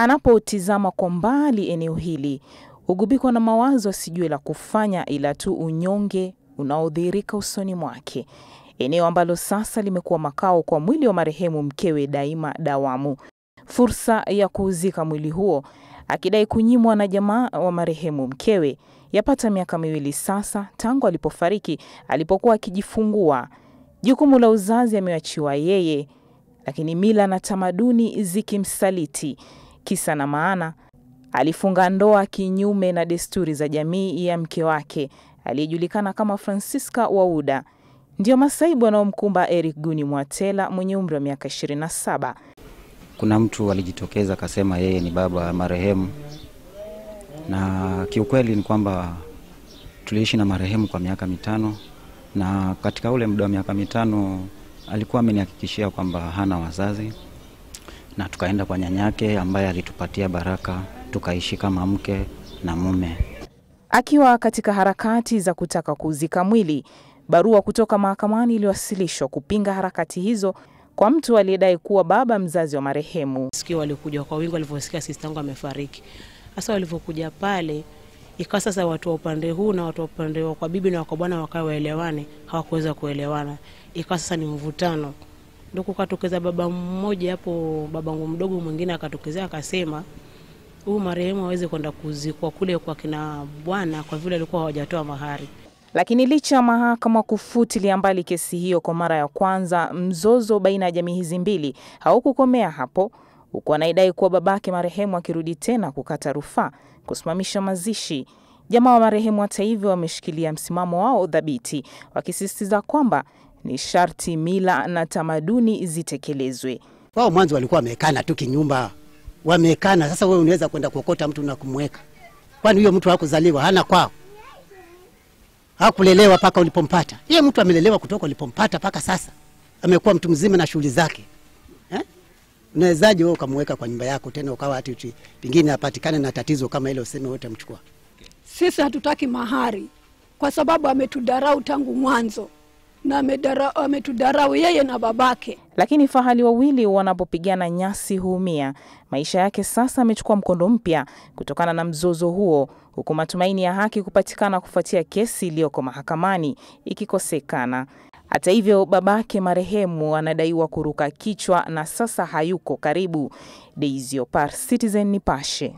Anapotizama kwa mbali eneo hili, hugubikwa na mawazo asijue la kufanya, ila tu unyonge unaodhihirika usoni mwake, eneo ambalo sasa limekuwa makao kwa mwili wa marehemu mkewe daima dawamu. Fursa ya kuuzika mwili huo akidai kunyimwa na jamaa wa marehemu mkewe. Yapata miaka miwili sasa tangu alipofariki alipokuwa akijifungua. Jukumu la uzazi ameachiwa yeye, lakini mila na tamaduni zikimsaliti. Kisa na maana, alifunga ndoa kinyume na desturi za jamii ya mke wake aliyejulikana kama Francisca Wauda. ndio masaibu anaomkumba Eric Guni Mwatela mwenye umri wa miaka 27. Kuna mtu alijitokeza akasema yeye ni baba ya marehemu, na kiukweli ni kwamba tuliishi na marehemu kwa miaka mitano, na katika ule muda wa miaka mitano alikuwa amenihakikishia kwamba hana wazazi na tukaenda kwa nyanyake ambaye alitupatia baraka, tukaishi kama mke na mume. Akiwa katika harakati za kutaka kuuzika mwili, barua kutoka mahakamani iliwasilishwa kupinga harakati hizo kwa mtu aliyedai kuwa baba mzazi wa marehemu. Sikio walikuja kwa wingi walivyosikia sista yangu amefariki. Sasa walivyokuja pale ikawa sasa watu wa upande huu na watu wa upande wa kwa bibi na kwa bwana wakawa waelewane, hawakuweza kuelewana. Ikawa sasa ni mvutano. Ndio kukatokeza baba mmoja hapo, babangu mdogo mwingine akatokezea akasema huyu marehemu aweze kwenda kuzikwa kule kwa kina bwana, kwa vile alikuwa hawajatoa mahari. Lakini licha ya mahakama kufutilia mbali kesi hiyo kwa mara ya kwanza, mzozo baina ya jamii hizi mbili haukukomea hapo, huku anaidai kuwa babake marehemu akirudi tena kukata rufaa kusimamisha mazishi. Jamaa wa marehemu hata hivyo wameshikilia msimamo wao dhabiti, wakisisitiza kwamba ni sharti mila na tamaduni zitekelezwe. Wao mwanzo walikuwa wamekana tu kinyumba, wamekana. Sasa wewe unaweza kwenda kuokota mtu na kumweka? Kwani huyo mtu hakuzaliwa, hana kwao, hakulelewa mpaka ulipompata? Yeye mtu amelelewa kutoka ulipompata mpaka sasa, amekuwa mtu mzima na shughuli zake eh? Unawezaje wewe ukamweka kwa nyumba yako tena ukawa hati uchi, pengine apatikane na tatizo kama ile, useme wote mchukua? Sisi hatutaki mahari kwa sababu ametudharau tangu mwanzo na ametudharau yeye na babake. Lakini fahali wawili wanapopigana nyasi huumia. Maisha yake sasa amechukua mkondo mpya kutokana na mzozo huo, huku matumaini ya haki kupatikana kufuatia kesi iliyoko mahakamani ikikosekana. Hata hivyo, babake marehemu anadaiwa kuruka kichwa na sasa hayuko karibu. Daisy citizen Citizen Nipashe.